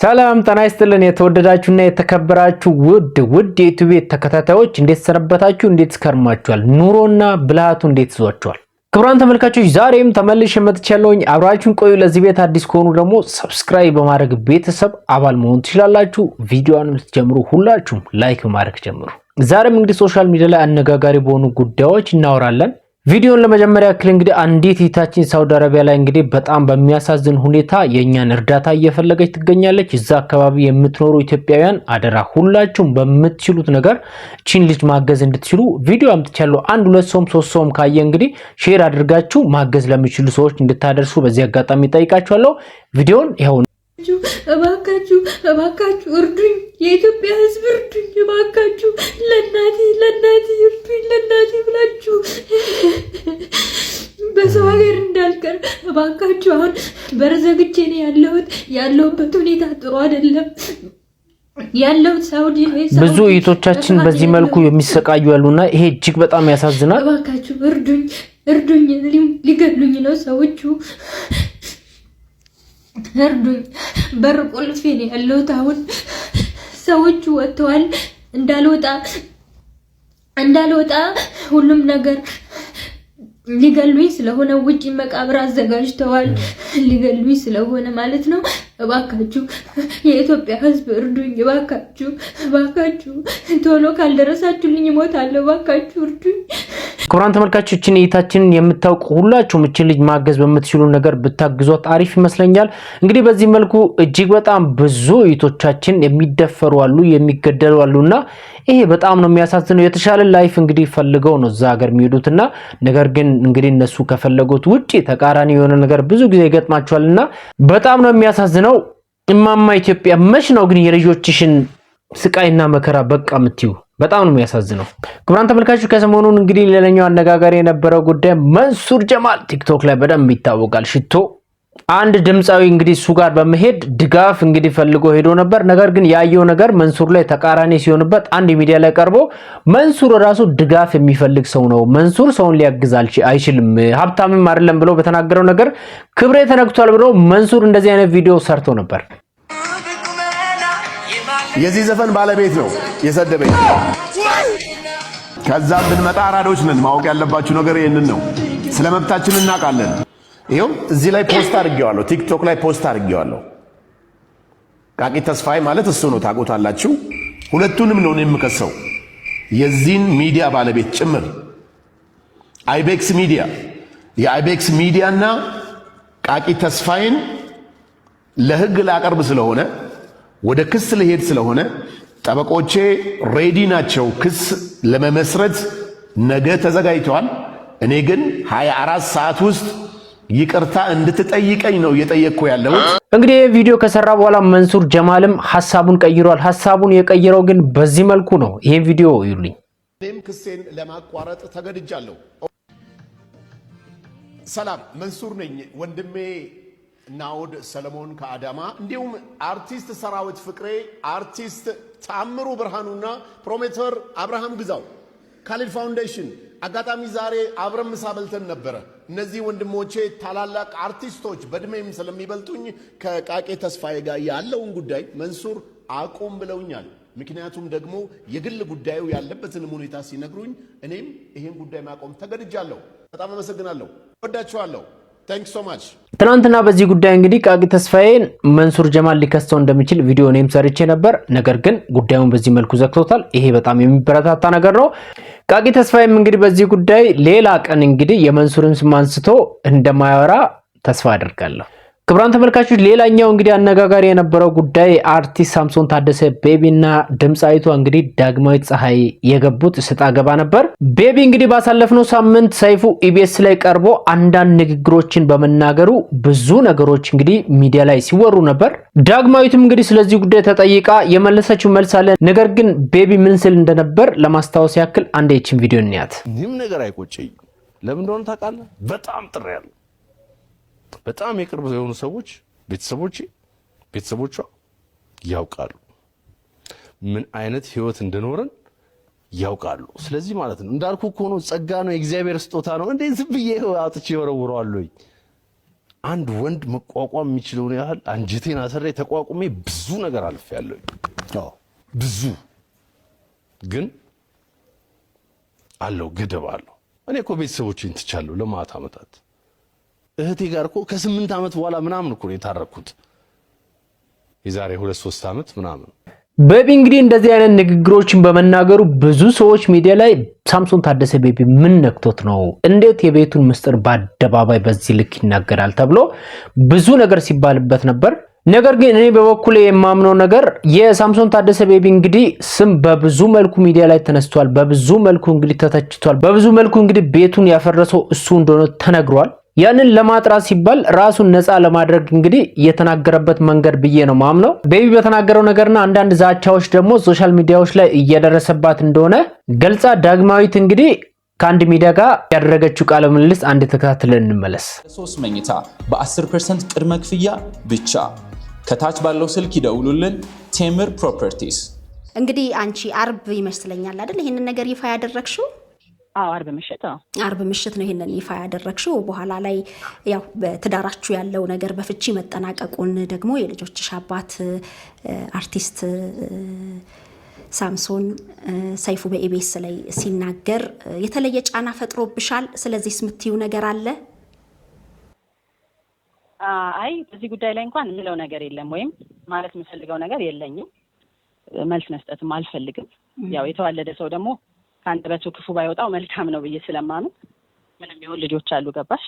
ሰላም ጤና ይስጥልን። የተወደዳችሁና የተከበራችሁ ውድ ውድ የዩቲዩብ ተከታታዮች እንዴት ሰነበታችሁ? እንዴት ስከርማችኋል? ኑሮና ብልሃቱ እንዴት ይዟችኋል? ክቡራን ተመልካቾች ዛሬም ተመልሼ መጥቻለሁኝ። አብራችሁን ቆዩ። ለዚህ ቤት አዲስ ከሆኑ ደግሞ ሰብስክራይብ በማድረግ ቤተሰብ አባል መሆን ትችላላችሁ። ቪዲዮንም ስትጀምሩ ሁላችሁም ላይክ በማድረግ ጀምሩ። ዛሬም እንግዲህ ሶሻል ሚዲያ ላይ አነጋጋሪ በሆኑ ጉዳዮች እናወራለን። ቪዲዮን ለመጀመሪያ ክል እንግዲህ አንዲት እህታችን ሳውዲ አረቢያ ላይ እንግዲህ በጣም በሚያሳዝን ሁኔታ የእኛን እርዳታ እየፈለገች ትገኛለች። እዛ አካባቢ የምትኖሩ ኢትዮጵያውያን አደራ ሁላችሁም በምትችሉት ነገር ቺን ልጅ ማገዝ እንድትችሉ ቪዲዮ አምጥቻለሁ። አንድ ሁለት ሰውም ሶስት ሰውም ካየ እንግዲህ ሼር አድርጋችሁ ማገዝ ለሚችሉ ሰዎች እንድታደርሱ በዚህ አጋጣሚ ጠይቃችኋለሁ። ቪዲዮን ይኸው እባካችሁ እባካችሁ እርዱኝ፣ የኢትዮጵያ ሕዝብ እርዱኝ፣ እባካችሁ ለእናቴ ለእናቴ እርዱኝ፣ ለእናቴ ብላችሁ በሰው ሀገር እንዳልቀር እባካችሁ። አሁን በረዘግቼ ነው ያለሁት። ያለሁበት ሁኔታ ጥሩ አይደለም። ያለሁት ሳውዲ ብዙ እህቶቻችን በዚህ መልኩ የሚሰቃዩ ያሉና ይሄ እጅግ በጣም ያሳዝናል። እባካችሁ እርዱኝ፣ እርዱኝ፣ ሊገሉኝ ነው ሰዎቹ እርዱኝ። በር ቆልፌ ነው ያለሁት። አሁን ሰዎቹ ወጥተዋል። እንዳልወጣ እንዳልወጣ ሁሉም ነገር ሊገሉኝ ስለሆነ ውጪ መቃብር አዘጋጅተዋል። ሊገሉኝ ስለሆነ ማለት ነው። እባካችሁ የኢትዮጵያ ሕዝብ እርዱኝ፣ እባካችሁ እባካችሁ፣ ቶሎ ካልደረሳችሁልኝ እሞታለሁ፣ እባካችሁ እርዱኝ። ክቡራን ተመልካቾችን እይታችንን የምታውቁ ሁላችሁም እችን ልጅ ማገዝ በምትችሉ ነገር ብታግዟት አሪፍ ይመስለኛል። እንግዲህ በዚህ መልኩ እጅግ በጣም ብዙ እይቶቻችን የሚደፈሩ አሉ፣ የሚገደሉ አሉ እና ይሄ በጣም ነው የሚያሳዝነው። የተሻለ ላይፍ እንግዲህ ፈልገው ነው እዛ ሀገር የሚሄዱት እና ነገር ግን እንግዲህ እነሱ ከፈለጉት ውጪ ተቃራኒ የሆነ ነገር ብዙ ጊዜ ይገጥማቸዋል እና በጣም ነው የሚያሳዝነው። ነው። እማማ ኢትዮጵያ መች ነው ግን የልጆችሽን ስቃይና መከራ በቃ የምትዩ? በጣም ነው የሚያሳዝነው። ክቡራን ተመልካቾች ከሰሞኑን እንግዲህ ሌላኛው አነጋጋሪ የነበረው ጉዳይ መንሱር ጀማል ቲክቶክ ላይ በደንብ ይታወቃል ሽቶ አንድ ድምፃዊ እንግዲህ እሱ ጋር በመሄድ ድጋፍ እንግዲህ ፈልጎ ሄዶ ነበር። ነገር ግን ያየው ነገር መንሱር ላይ ተቃራኒ ሲሆንበት አንድ ሚዲያ ላይ ቀርቦ መንሱር ራሱ ድጋፍ የሚፈልግ ሰው ነው፣ መንሱር ሰውን ሊያግዝ አይችልም፣ ሀብታምም አይደለም ብሎ በተናገረው ነገር ክብሬ ተነክቷል ብሎ መንሱር እንደዚህ አይነት ቪዲዮ ሰርቶ ነበር። የዚህ ዘፈን ባለቤት ነው የሰደበኝ። ከዛ ብንመጣ አራዶች ነን። ማወቅ ያለባችሁ ነገር ይህንን ነው። ስለ መብታችን እናውቃለን። ይኸው እዚህ ላይ ፖስት አድርጌዋለሁ፣ ቲክቶክ ላይ ፖስት አድርጌዋለሁ። ቃቂ ተስፋዬ ማለት እሱ ነው፣ ታውቁታላችሁ። ሁለቱንም ነው የምከሰው፣ የዚህን ሚዲያ ባለቤት ጭምር አይቤክስ ሚዲያ፣ የአይቤክስ ሚዲያና ቃቂ ተስፋዬን ለህግ ላቀርብ ስለሆነ ወደ ክስ ልሄድ ስለሆነ ጠበቆቼ ሬዲ ናቸው። ክስ ለመመስረት ነገ ተዘጋጅተዋል። እኔ ግን 24 ሰዓት ውስጥ ይቅርታ እንድትጠይቀኝ ነው እየጠየቅኩ ያለሁት። እንግዲህ ይህ ቪዲዮ ከሰራ በኋላ መንሱር ጀማልም ሀሳቡን ቀይሯል። ሀሳቡን የቀየረው ግን በዚህ መልኩ ነው። ይህን ቪዲዮ ይሉኝ። እኔም ክሴን ለማቋረጥ ተገድጃለሁ። ሰላም፣ መንሱር ነኝ። ወንድሜ ናውድ ሰለሞን ከአዳማ እንዲሁም አርቲስት ሰራዊት ፍቅሬ፣ አርቲስት ታምሩ ብርሃኑና ፕሮሜተር አብርሃም ግዛው ካሊድ ፋውንዴሽን አጋጣሚ ዛሬ አብረን ምሳ በልተን ነበረ። እነዚህ ወንድሞቼ ታላላቅ አርቲስቶች በእድሜም ስለሚበልጡኝ ከቃቄ ተስፋዬ ጋር ያለውን ጉዳይ መንሱር አቁም ብለውኛል። ምክንያቱም ደግሞ የግል ጉዳዩ ያለበትንም ሁኔታ ሲነግሩኝ እኔም ይህን ጉዳይ ማቆም ተገድጃለሁ። በጣም አመሰግናለሁ፣ ወዳችኋለሁ። ታንክ ሶ ማች። ትናንትና በዚህ ጉዳይ እንግዲህ ቃቂ ተስፋዬን መንሱር ጀማል ሊከሰው እንደሚችል ቪዲዮ እኔም ሰርቼ ነበር። ነገር ግን ጉዳዩን በዚህ መልኩ ዘግቶታል። ይሄ በጣም የሚበረታታ ነገር ነው። ቃቂ ተስፋዬም እንግዲህ በዚህ ጉዳይ ሌላ ቀን እንግዲህ የመንሱርን ስም አንስቶ እንደማያወራ ተስፋ አድርጋለሁ። ክቡራን ተመልካቾች ሌላኛው እንግዲህ አነጋጋሪ የነበረው ጉዳይ አርቲስት ሳምሶን ታደሰ ቤቢና ድምፃዊቷ እንግዲህ ዳግማዊት ፀሐይ የገቡት ስጣ ገባ ነበር። ቤቢ እንግዲህ ባሳለፍነው ሳምንት ሰይፉ ኢቢኤስ ላይ ቀርቦ አንዳንድ ንግግሮችን በመናገሩ ብዙ ነገሮች እንግዲህ ሚዲያ ላይ ሲወሩ ነበር። ዳግማዊትም እንግዲህ ስለዚህ ጉዳይ ተጠይቃ የመለሰችው መልስ አለ። ነገር ግን ቤቢ ምን ስል እንደነበር ለማስታወስ ያክል አንድ የችን ቪዲዮ እንያት። ይህም ነገር አይቆጨኝም። ለምን እንደሆነ ታውቃለህ? በጣም ጥሬ ያለው በጣም የቅርብ የሆኑ ሰዎች ቤተሰቦቼ፣ ቤተሰቦቿ ያውቃሉ ምን አይነት ህይወት እንደኖረን ያውቃሉ። ስለዚህ ማለት ነው እንዳልኩ ነው፣ ጸጋ ነው፣ የእግዚአብሔር ስጦታ ነው። እንዴ ዝም ብዬ አውጥቼ ወይ? አንድ ወንድ መቋቋም የሚችለውን ያህል አንጀቴን አሰራ ተቋቁሜ ብዙ ነገር ያለው ብዙ ግን አለው ገደብ አለው። እኔ እኮ ቤተሰቦቼን ትቻለሁ ለማት ዓመታት እህቴ ጋር እኮ ከስምንት ዓመት በኋላ ምናምን እኮ ነው የታረኩት የዛሬ ሁለት ሶስት ዓመት ምናምን። ቤቢ እንግዲህ እንደዚህ አይነት ንግግሮችን በመናገሩ ብዙ ሰዎች ሚዲያ ላይ ሳምሶን ታደሰ ቤቢ ምን ነክቶት ነው እንዴት የቤቱን ምስጢር በአደባባይ በዚህ ልክ ይናገራል ተብሎ ብዙ ነገር ሲባልበት ነበር። ነገር ግን እኔ በበኩሌ የማምነው ነገር የሳምሶን ታደሰ ቤቢ እንግዲህ ስም በብዙ መልኩ ሚዲያ ላይ ተነስቷል። በብዙ መልኩ እንግዲህ ተተችቷል። በብዙ መልኩ እንግዲህ ቤቱን ያፈረሰው እሱ እንደሆነ ተነግሯል። ያንን ለማጥራት ሲባል ራሱን ነፃ ለማድረግ እንግዲህ የተናገረበት መንገድ ብዬ ነው ማምነው። ቤቢ በተናገረው ነገርና አንዳንድ ዛቻዎች ደግሞ ሶሻል ሚዲያዎች ላይ እየደረሰባት እንደሆነ ገልጻ ዳግማዊት እንግዲህ ከአንድ ሚዲያ ጋር ያደረገችው ቃለ ምልልስ አንድ ተከታትለን እንመለስ። ሶስት መኝታ በ10 ፐርሰንት ቅድመ ክፍያ ብቻ ከታች ባለው ስልክ ይደውሉልን። ቴምር ፕሮፐርቲስ። እንግዲህ አንቺ አርብ ይመስለኛል አይደል ይህንን ነገር ይፋ ያደረግሽው? አዎ አርብ ምሽት አርብ ምሽት ነው ይህንን ይፋ ያደረግሽው። በኋላ ላይ ያው በትዳራችሁ ያለው ነገር በፍቺ መጠናቀቁን ደግሞ የልጆችሽ አባት አርቲስት ሳምሶን ሰይፉ በኢቢኤስ ላይ ሲናገር የተለየ ጫና ፈጥሮብሻል። ስለዚህ ስምትዩ ነገር አለ? አይ በዚህ ጉዳይ ላይ እንኳን የምለው ነገር የለም ወይም ማለት የምፈልገው ነገር የለኝም። መልስ መስጠትም አልፈልግም። ያው የተዋለደ ሰው ደግሞ ከአንደበቱ ክፉ ባይወጣው መልካም ነው ብዬ ስለማምን ምንም ይሁን ልጆች አሉ። ገባሽ?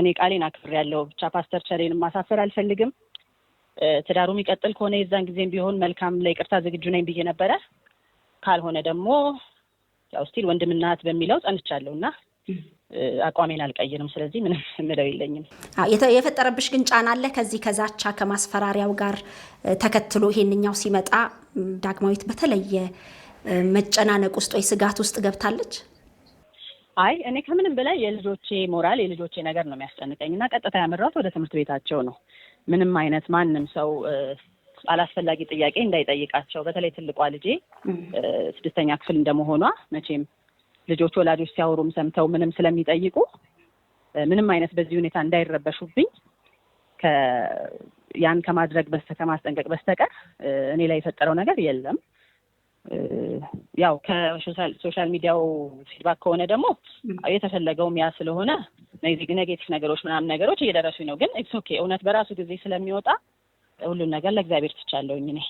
እኔ ቃሌን አክብር ያለው ብቻ ፓስተር ቸሬን ማሳፈር አልፈልግም። ትዳሩ የሚቀጥል ከሆነ የዛን ጊዜም ቢሆን መልካም ለይቅርታ ዝግጁ ነኝ ብዬ ነበረ። ካልሆነ ደግሞ ያው ስቲል ወንድምና እህት በሚለው ጸንቻለሁ እና አቋሜን አልቀይርም። ስለዚህ ምንም የምለው የለኝም። የፈጠረብሽ ግን ጫና አለ ከዚህ ከዛቻ ከማስፈራሪያው ጋር ተከትሎ ይሄንኛው ሲመጣ ዳግማዊት በተለየ መጨናነቅ ውስጥ ወይ ስጋት ውስጥ ገብታለች? አይ እኔ ከምንም በላይ የልጆቼ ሞራል የልጆቼ ነገር ነው የሚያስጨንቀኝ እና ቀጥታ ያመራት ወደ ትምህርት ቤታቸው ነው። ምንም አይነት ማንም ሰው አላስፈላጊ ጥያቄ እንዳይጠይቃቸው በተለይ ትልቋ ልጄ ስድስተኛ ክፍል እንደመሆኗ መቼም ልጆች ወላጆች ሲያወሩም ሰምተው ምንም ስለሚጠይቁ ምንም አይነት በዚህ ሁኔታ እንዳይረበሹብኝ ያን ከማድረግ በስተ ከማስጠንቀቅ በስተቀር እኔ ላይ የፈጠረው ነገር የለም። ያው ከሶሻል ሚዲያው ፊድባክ ከሆነ ደግሞ የተፈለገውም ያ ስለሆነ ኔጌቲቭ ነገሮች ምናምን ነገሮች እየደረሱ ነው። ግን ኢትስ ኦኬ እውነት በራሱ ጊዜ ስለሚወጣ ሁሉን ነገር ለእግዚአብሔር ትቻለውኝ። እኔ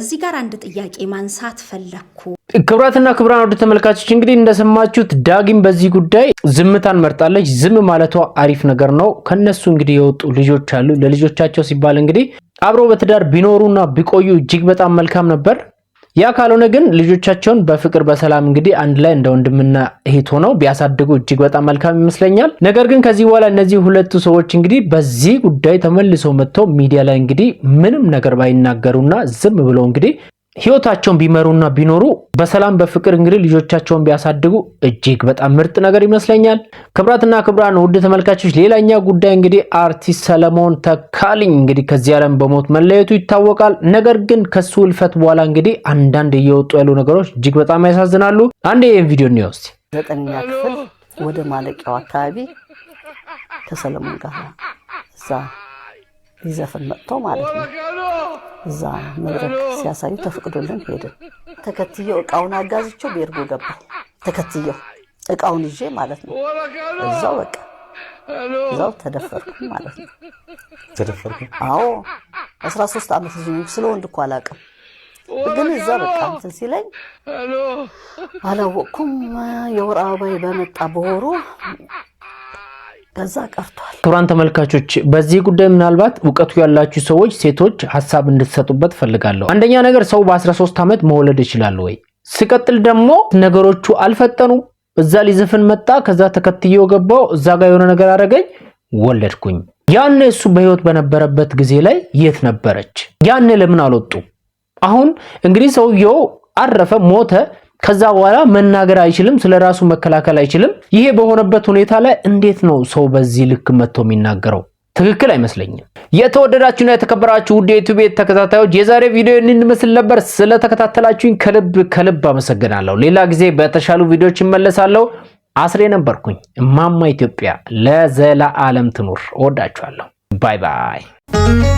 እዚህ ጋር አንድ ጥያቄ ማንሳት ፈለግኩ። ክብራትና ክብራን ወደ ተመልካቾች እንግዲህ እንደሰማችሁት ዳግም በዚህ ጉዳይ ዝምታን መርጣለች። ዝም ማለቷ አሪፍ ነገር ነው። ከነሱ እንግዲህ የወጡ ልጆች አሉ። ለልጆቻቸው ሲባል እንግዲህ አብረው በትዳር ቢኖሩና ቢቆዩ እጅግ በጣም መልካም ነበር። ያ ካልሆነ ግን ልጆቻቸውን በፍቅር በሰላም እንግዲህ አንድ ላይ እንደ ወንድምና እህት ሆነው ቢያሳድጉ እጅግ በጣም መልካም ይመስለኛል። ነገር ግን ከዚህ በኋላ እነዚህ ሁለቱ ሰዎች እንግዲህ በዚህ ጉዳይ ተመልሰው መጥተው ሚዲያ ላይ እንግዲህ ምንም ነገር ባይናገሩና ዝም ብለው እንግዲህ ህይወታቸውን ቢመሩና ቢኖሩ በሰላም በፍቅር እንግዲህ ልጆቻቸውን ቢያሳድጉ እጅግ በጣም ምርጥ ነገር ይመስለኛል። ክብራትና ክብራን ውድ ተመልካቾች፣ ሌላኛው ጉዳይ እንግዲህ አርቲስት ሰለሞን ተካልኝ እንግዲህ ከዚህ ዓለም በሞት መለየቱ ይታወቃል። ነገር ግን ከሱ እልፈት በኋላ እንግዲህ አንዳንድ እየወጡ ያሉ ነገሮች እጅግ በጣም ያሳዝናሉ። አንዴ ይህን ቪዲዮ እንየው እስኪ። ዘጠነኛ ክፍል ወደ ማለቂያው አካባቢ ከሰለሞን ጋር እዛ ይዘፍን መጥቶ ማለት ነው። እዛ መድረክ ሲያሳዩ ተፈቅዶልን ሄድን። ተከትየው እቃውን አጋዝቸው ቤርጎ ገባ። ተከትየው እቃውን ይዤ ማለት ነው። እዛው በቃ እዛው ተደፈርኩ ማለት ነው። ተደፈርኩ? አዎ 13 ዓመት ዝ ስለ ወንድ እኮ አላውቅም። ግን እዛ በቃ እንትን ሲለኝ አላወቅኩም። የወር አበባዬ በመጣ በወሩ በዛ ቀርቷል። ክቡራን ተመልካቾች በዚህ ጉዳይ ምናልባት እውቀቱ ያላችሁ ሰዎች ሴቶች ሀሳብ እንድትሰጡበት ፈልጋለሁ። አንደኛ ነገር ሰው በ13 ዓመት መውለድ ይችላል ወይ? ሲቀጥል ደግሞ ነገሮቹ አልፈጠኑም። እዛ ሊዘፍን መጣ፣ ከዛ ተከትዮ ገባው፣ እዛ ጋር የሆነ ነገር አደረገኝ፣ ወለድኩኝ። ያኔ እሱ በህይወት በነበረበት ጊዜ ላይ የት ነበረች? ያኔ ለምን አልወጡ? አሁን እንግዲህ ሰውየው አረፈ፣ ሞተ ከዛ በኋላ መናገር አይችልም፣ ስለ ራሱ መከላከል አይችልም። ይሄ በሆነበት ሁኔታ ላይ እንዴት ነው ሰው በዚህ ልክ መጥቶ የሚናገረው? ትክክል አይመስለኝም። የተወደዳችሁና የተከበራችሁ ውድ የዩቲዩብ ተከታታዮች የዛሬ ቪዲዮ ይህንን ይመስል ነበር። ስለተከታተላችሁኝ ከልብ ከልብ አመሰግናለሁ። ሌላ ጊዜ በተሻሉ ቪዲዮዎች እመለሳለሁ። አስሬ ነበርኩኝ። እማማ ኢትዮጵያ ለዘላ ዓለም ትኑር። እወዳችኋለሁ። ባይ ባይ